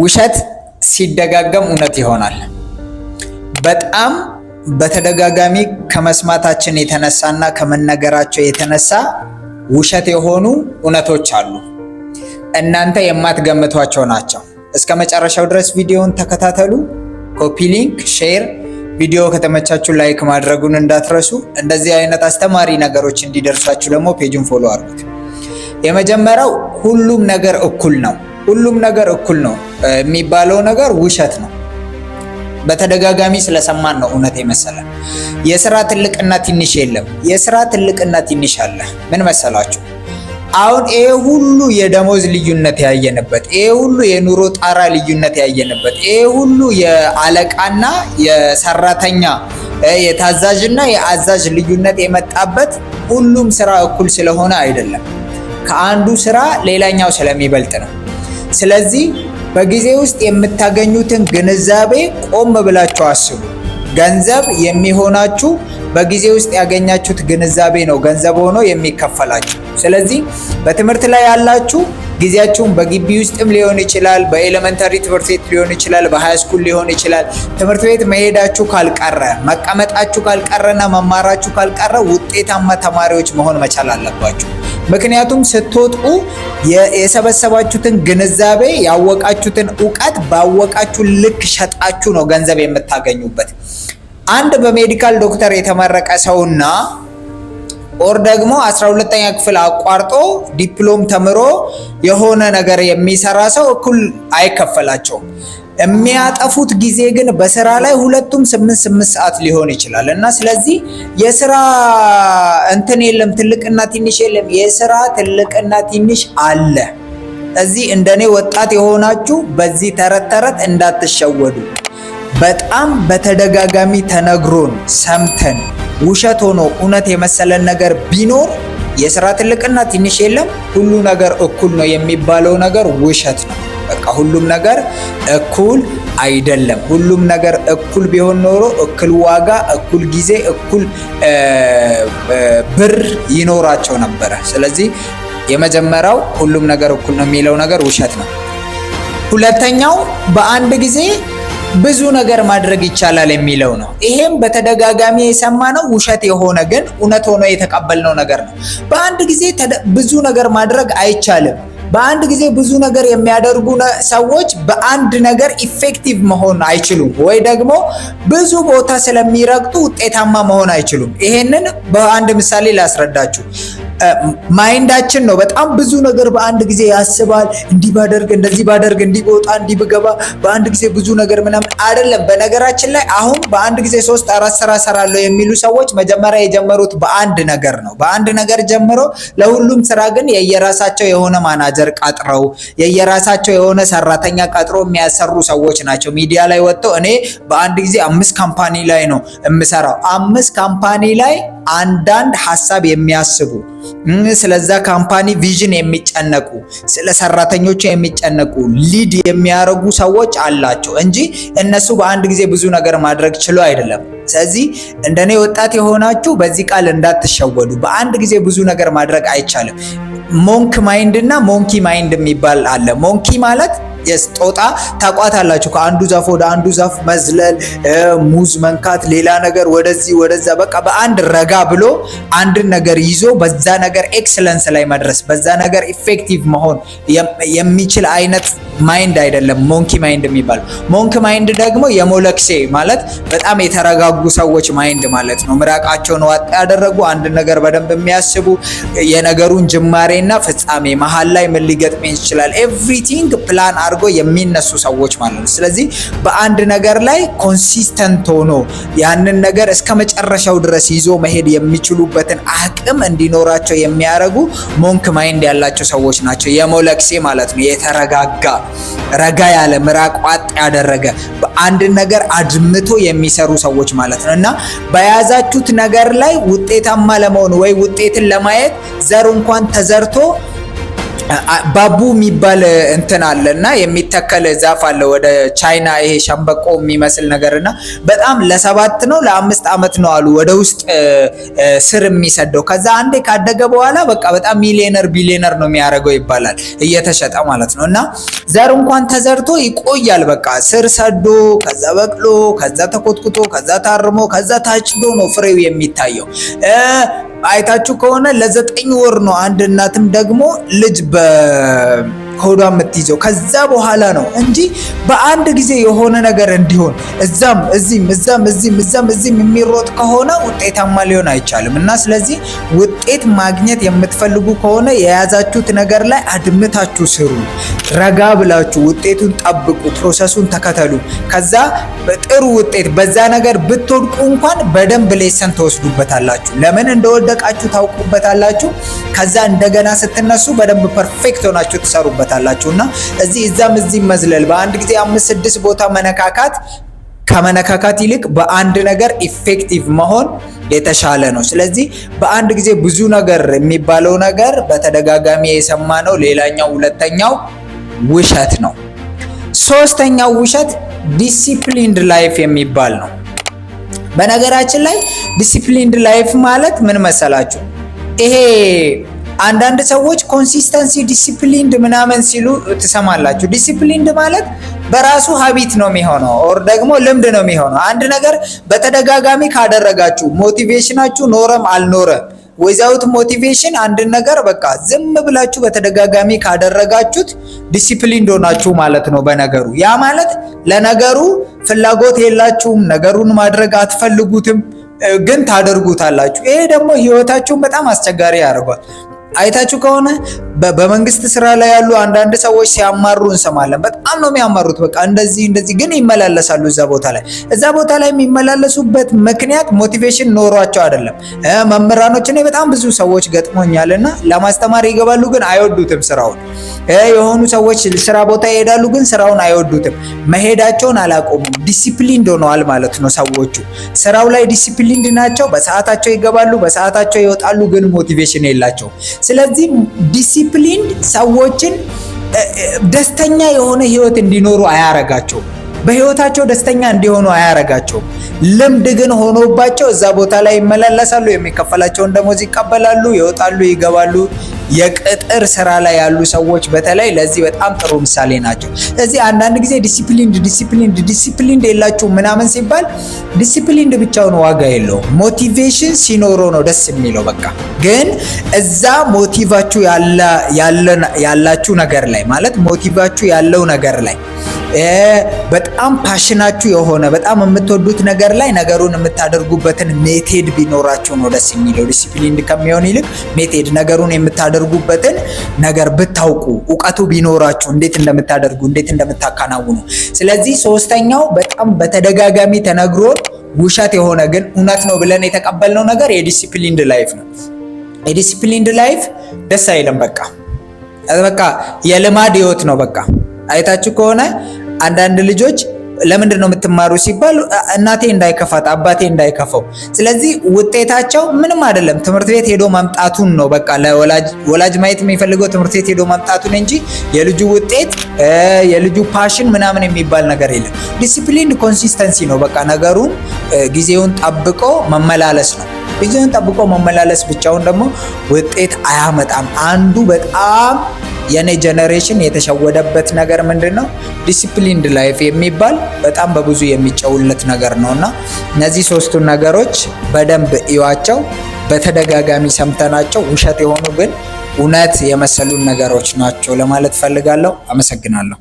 ውሸት ሲደጋገም እውነት ይሆናል። በጣም በተደጋጋሚ ከመስማታችን የተነሳና ከመነገራቸው የተነሳ ውሸት የሆኑ እውነቶች አሉ። እናንተ የማትገምቷቸው ናቸው። እስከ መጨረሻው ድረስ ቪዲዮውን ተከታተሉ። ኮፒ ሊንክ፣ ሼር፣ ቪዲዮ ከተመቻችሁ ላይክ ማድረጉን እንዳትረሱ። እንደዚህ አይነት አስተማሪ ነገሮች እንዲደርሳችሁ ደግሞ ፔጁን ፎሎ አድርጉት። የመጀመሪያው ሁሉም ነገር እኩል ነው ሁሉም ነገር እኩል ነው የሚባለው ነገር ውሸት ነው። በተደጋጋሚ ስለሰማን ነው እውነት የመሰለ። የስራ ትልቅና ትንሽ የለም። የስራ ትልቅና ትንሽ አለ። ምን መሰላችሁ? አሁን ይሄ ሁሉ የደሞዝ ልዩነት ያየንበት፣ ይሄ ሁሉ የኑሮ ጣራ ልዩነት ያየንበት፣ ይሄ ሁሉ የአለቃና የሰራተኛ የታዛዥና የአዛዥ ልዩነት የመጣበት ሁሉም ስራ እኩል ስለሆነ አይደለም። ከአንዱ ስራ ሌላኛው ስለሚበልጥ ነው። ስለዚህ በጊዜ ውስጥ የምታገኙትን ግንዛቤ ቆም ብላችሁ አስቡ። ገንዘብ የሚሆናችሁ በጊዜ ውስጥ ያገኛችሁት ግንዛቤ ነው ገንዘብ ሆኖ የሚከፈላችሁ። ስለዚህ በትምህርት ላይ ያላችሁ ጊዜያችሁን በግቢ ውስጥም ሊሆን ይችላል፣ በኤሌመንተሪ ትምህርት ቤት ሊሆን ይችላል፣ በሃይ ስኩል ሊሆን ይችላል። ትምህርት ቤት መሄዳችሁ ካልቀረ መቀመጣችሁ ካልቀረና መማራችሁ ካልቀረ ውጤታማ ተማሪዎች መሆን መቻል አለባችሁ። ምክንያቱም ስትወጡ የሰበሰባችሁትን ግንዛቤ ያወቃችሁትን እውቀት ባወቃችሁ ልክ ሸጣችሁ ነው ገንዘብ የምታገኙበት። አንድ በሜዲካል ዶክተር የተመረቀ ሰውና ኦር ደግሞ 12ኛ ክፍል አቋርጦ ዲፕሎም ተምሮ የሆነ ነገር የሚሰራ ሰው እኩል አይከፈላቸውም። የሚያጠፉት ጊዜ ግን በስራ ላይ ሁለቱም ስምንት ስምንት ሰዓት ሊሆን ይችላል እና ስለዚህ የስራ እንትን የለም፣ ትልቅና ትንሽ የለም። የስራ ትልቅና ትንሽ አለ። እዚህ እንደኔ ወጣት የሆናችሁ በዚህ ተረት ተረት እንዳትሸወዱ። በጣም በተደጋጋሚ ተነግሮን ሰምተን ውሸት ሆኖ እውነት የመሰለን ነገር ቢኖር የስራ ትልቅና ትንሽ የለም፣ ሁሉ ነገር እኩል ነው የሚባለው ነገር ውሸት ነው። በቃ ሁሉም ነገር እኩል አይደለም። ሁሉም ነገር እኩል ቢሆን ኖሮ እኩል ዋጋ፣ እኩል ጊዜ፣ እኩል ብር ይኖራቸው ነበረ። ስለዚህ የመጀመሪያው ሁሉም ነገር እኩል ነው የሚለው ነገር ውሸት ነው። ሁለተኛው በአንድ ጊዜ ብዙ ነገር ማድረግ ይቻላል የሚለው ነው። ይሄም በተደጋጋሚ የሰማነው ውሸት የሆነ ግን እውነት ሆኖ የተቀበልነው ነገር ነው። በአንድ ጊዜ ብዙ ነገር ማድረግ አይቻልም። በአንድ ጊዜ ብዙ ነገር የሚያደርጉ ሰዎች በአንድ ነገር ኢፌክቲቭ መሆን አይችሉም፣ ወይ ደግሞ ብዙ ቦታ ስለሚረግጡ ውጤታማ መሆን አይችሉም። ይሄንን በአንድ ምሳሌ ላስረዳችሁ። ማይንዳችን ነው በጣም ብዙ ነገር በአንድ ጊዜ ያስባል። እንዲህ ባደርግ፣ እንደዚህ ባደርግ፣ እንዲህ ቦታ፣ እንዲህ ብገባ፣ በአንድ ጊዜ ብዙ ነገር ምናምን አይደለም። በነገራችን ላይ አሁን በአንድ ጊዜ ሶስት አራት ስራ ሰራለሁ የሚሉ ሰዎች መጀመሪያ የጀመሩት በአንድ ነገር ነው። በአንድ ነገር ጀምሮ ለሁሉም ስራ ግን የየራሳቸው የሆነ ማናጀር ቀጥረው የየራሳቸው የሆነ ሰራተኛ ቀጥሮ የሚያሰሩ ሰዎች ናቸው። ሚዲያ ላይ ወጥተው እኔ በአንድ ጊዜ አምስት ካምፓኒ ላይ ነው የምሰራው። አምስት ካምፓኒ ላይ አንዳንድ ሀሳብ የሚያስቡ ስለዛ ካምፓኒ ቪዥን የሚጨነቁ ስለ ሰራተኞቹ የሚጨነቁ ሊድ የሚያደርጉ ሰዎች አላቸው እንጂ እነሱ በአንድ ጊዜ ብዙ ነገር ማድረግ ችሎ አይደለም። ስለዚህ እንደኔ ወጣት የሆናችሁ በዚህ ቃል እንዳትሸወዱ። በአንድ ጊዜ ብዙ ነገር ማድረግ አይቻልም። ሞንክ ማይንድ እና ሞንኪ ማይንድ የሚባል አለ። ሞንኪ ማለት ጦጣ ታቋታላችሁ። ከአንዱ ዛፍ ወደ አንዱ ዛፍ መዝለል፣ ሙዝ መንካት፣ ሌላ ነገር ወደዚህ ወደዛ፣ በቃ በአንድ ረጋ ብሎ አንድን ነገር ይዞ በዛ ነገር ኤክሰለንስ ላይ መድረስ በዛ ነገር ኢፌክቲቭ መሆን የሚችል አይነት ማይንድ አይደለም ሞንኪ ማይንድ የሚባል። ሞንክ ማይንድ ደግሞ የሞለክሴ ማለት በጣም የተረጋጉ ሰዎች ማይንድ ማለት ነው። ምራቃቸውን ዋጥ ያደረጉ አንድ ነገር በደንብ የሚያስቡ የነገሩን ጅማሬና ፍጻሜ መሀል ላይ ምን ሊገጥመኝ ይችላል ኤቭሪቲንግ ፕላን አድርጎ የሚነሱ ሰዎች ማለት ነው። ስለዚህ በአንድ ነገር ላይ ኮንሲስተንት ሆኖ ያንን ነገር እስከ መጨረሻው ድረስ ይዞ መሄድ የሚችሉበትን አቅም እንዲኖራቸው የሚያደርጉ ሞንክ ማይንድ ያላቸው ሰዎች ናቸው። የሞለክሴ ማለት ነው። የተረጋጋ ረጋ ያለ ምራቅ ዋጥ ያደረገ በአንድ ነገር አድምቶ የሚሰሩ ሰዎች ማለት ነው እና በያዛችሁት ነገር ላይ ውጤታማ ለመሆን ወይ ውጤትን ለማየት ዘር እንኳን ተዘርቶ ባቡ የሚባል እንትን አለ እና የሚተከል ዛፍ አለ። ወደ ቻይና ይሄ ሸንበቆ የሚመስል ነገር እና በጣም ለሰባት ነው ለአምስት ዓመት ነው አሉ ወደ ውስጥ ስር የሚሰደው። ከዛ አንዴ ካደገ በኋላ በቃ በጣም ሚሊዮነር ቢሊዮነር ነው የሚያደርገው ይባላል፣ እየተሸጠ ማለት ነው። እና ዘር እንኳን ተዘርቶ ይቆያል። በቃ ስር ሰዶ ከዛ በቅሎ ከዛ ተኮትኩቶ ከዛ ታርሞ ከዛ ታጭዶ ነው ፍሬው የሚታየው። አይታችሁ ከሆነ ለዘጠኝ ወር ነው አንድ እናትም ደግሞ ልጅ በ ከሆዷ የምትይዘው ከዛ በኋላ ነው እንጂ በአንድ ጊዜ የሆነ ነገር እንዲሆን እዛም እዚህም እዛም እዚህም እዛም እዚህም የሚሮጥ ከሆነ ውጤታማ ሊሆን አይቻልም። እና ስለዚህ ውጤት ማግኘት የምትፈልጉ ከሆነ የያዛችሁት ነገር ላይ አድምታችሁ ስሩ። ረጋ ብላችሁ ውጤቱን ጠብቁ፣ ፕሮሰሱን ተከተሉ። ከዛ ጥሩ ውጤት በዛ ነገር ብትወድቁ እንኳን በደንብ ሌሰን ተወስዱበታላችሁ። ለምን እንደወደቃችሁ ታውቁበታላችሁ። ከዛ እንደገና ስትነሱ በደንብ ፐርፌክት ሆናችሁ ትሰሩበታል። ታጣላችሁና እዚህ እዛም እዚህ መዝለል በአንድ ጊዜ አምስት ስድስት ቦታ መነካካት ከመነካካት ይልቅ በአንድ ነገር ኢፌክቲቭ መሆን የተሻለ ነው። ስለዚህ በአንድ ጊዜ ብዙ ነገር የሚባለው ነገር በተደጋጋሚ የሰማነው ሌላኛው ሁለተኛው ውሸት ነው። ሶስተኛው ውሸት ዲሲፕሊንድ ላይፍ የሚባል ነው። በነገራችን ላይ ዲሲፕሊንድ ላይፍ ማለት ምን መሰላችሁ? ይሄ አንዳንድ ሰዎች ኮንሲስተንሲ ዲሲፕሊንድ ምናምን ሲሉ ትሰማላችሁ። ዲሲፕሊንድ ማለት በራሱ ሀቢት ነው የሚሆነው ኦር ደግሞ ልምድ ነው የሚሆነው። አንድ ነገር በተደጋጋሚ ካደረጋችሁ ሞቲቬሽናችሁ ኖረም አልኖረም ወይዛውት ሞቲቬሽን አንድን ነገር በቃ ዝም ብላችሁ በተደጋጋሚ ካደረጋችሁት ዲሲፕሊን ሆናችሁ ማለት ነው በነገሩ። ያ ማለት ለነገሩ ፍላጎት የላችሁም፣ ነገሩን ማድረግ አትፈልጉትም፣ ግን ታደርጉታላችሁ። ይሄ ደግሞ ህይወታችሁን በጣም አስቸጋሪ ያደርጓል። አይታችሁ ከሆነ በመንግስት ስራ ላይ ያሉ አንዳንድ ሰዎች ሲያማሩ እንሰማለን። በጣም ነው የሚያማሩት። በቃ እንደዚህ እንደዚህ፣ ግን ይመላለሳሉ እዛ ቦታ ላይ። እዛ ቦታ ላይ የሚመላለሱበት ምክንያት ሞቲቬሽን ኖሯቸው አይደለም። መምህራኖች፣ እኔ በጣም ብዙ ሰዎች ገጥሞኛል እና ለማስተማር ይገባሉ፣ ግን አይወዱትም ስራውን። የሆኑ ሰዎች ስራ ቦታ ይሄዳሉ፣ ግን ስራውን አይወዱትም። መሄዳቸውን አላቆሙ ዲሲፕሊን ሆነዋል ማለት ነው ሰዎቹ። ስራው ላይ ዲሲፕሊንድ ናቸው። በሰዓታቸው ይገባሉ፣ በሰዓታቸው ይወጣሉ፣ ግን ሞቲቬሽን የላቸውም። ስለዚህ ዲሲ ዲሲፕሊን ሰዎችን ደስተኛ የሆነ ህይወት እንዲኖሩ አያረጋቸው። በህይወታቸው ደስተኛ እንዲሆኑ አያረጋቸው። ልምድ ግን ሆኖባቸው እዛ ቦታ ላይ ይመላለሳሉ፣ የሚከፈላቸውን ደሞዝ ይቀበላሉ፣ ይወጣሉ፣ ይገባሉ፣ የቅጥር ስራ ላይ ያሉ ሰዎች በተለይ ለዚህ በጣም ጥሩ ምሳሌ ናቸው። ስለዚህ አንዳንድ ጊዜ ዲሲፕሊንድ ዲሲፕሊንድ ዲሲፕሊንድ የላችሁ ምናምን ሲባል ዲሲፕሊንድ ብቻውን ዋጋ የለውም። ሞቲቬሽን ሲኖረው ነው ደስ የሚለው። በቃ ግን እዛ ሞቲቫችሁ ያላችሁ ነገር ላይ ማለት ሞቲቫችሁ ያለው ነገር ላይ በጣም ፓሽናችሁ የሆነ በጣም የምትወዱት ነገር ላይ ነገሩን የምታደርጉበትን ሜቴድ ቢኖራችሁ ነው ደስ የሚለው። ዲሲፕሊን ከሚሆን ይልቅ ሜቴድ ነገሩን የምታደርጉበትን ነገር ብታውቁ እውቀቱ ቢኖራችሁ እንዴት እንደምታደርጉ እንዴት እንደምታከናውኑ። ስለዚህ ሶስተኛው በጣም በተደጋጋሚ ተነግሮን ውሸት የሆነ ግን እውነት ነው ብለን የተቀበልነው ነገር የዲሲፕሊንድ ላይፍ ነው። የዲሲፕሊንድ ላይፍ ደስ አይልም። በቃ በቃ የልማድ ህይወት ነው። በቃ አይታችሁ ከሆነ አንዳንድ ልጆች ለምንድን ነው የምትማሩ ሲባል እናቴ እንዳይከፋት አባቴ እንዳይከፋው። ስለዚህ ውጤታቸው ምንም አይደለም፣ ትምህርት ቤት ሄዶ ማምጣቱን ነው። በቃ ወላጅ ማየት የሚፈልገው ትምህርት ቤት ሄዶ ማምጣቱን እንጂ የልጁ ውጤት የልጁ ፓሽን ምናምን የሚባል ነገር የለም። ዲሲፕሊን ኮንሲስተንሲ ነው። በቃ ነገሩን ጊዜውን ጠብቆ መመላለስ ነው። ጊዜውን ጠብቆ መመላለስ ብቻውን ደግሞ ውጤት አያመጣም። አንዱ በጣም የኔ ጀነሬሽን የተሸወደበት ነገር ምንድን ነው? ዲሲፕሊንድ ላይፍ የሚባል በጣም በብዙ የሚጨውለት ነገር ነው እና እነዚህ ሶስቱ ነገሮች በደንብ እዩዋቸው። በተደጋጋሚ ሰምተናቸው ውሸት የሆኑ ግን እውነት የመሰሉን ነገሮች ናቸው ለማለት ፈልጋለሁ። አመሰግናለሁ።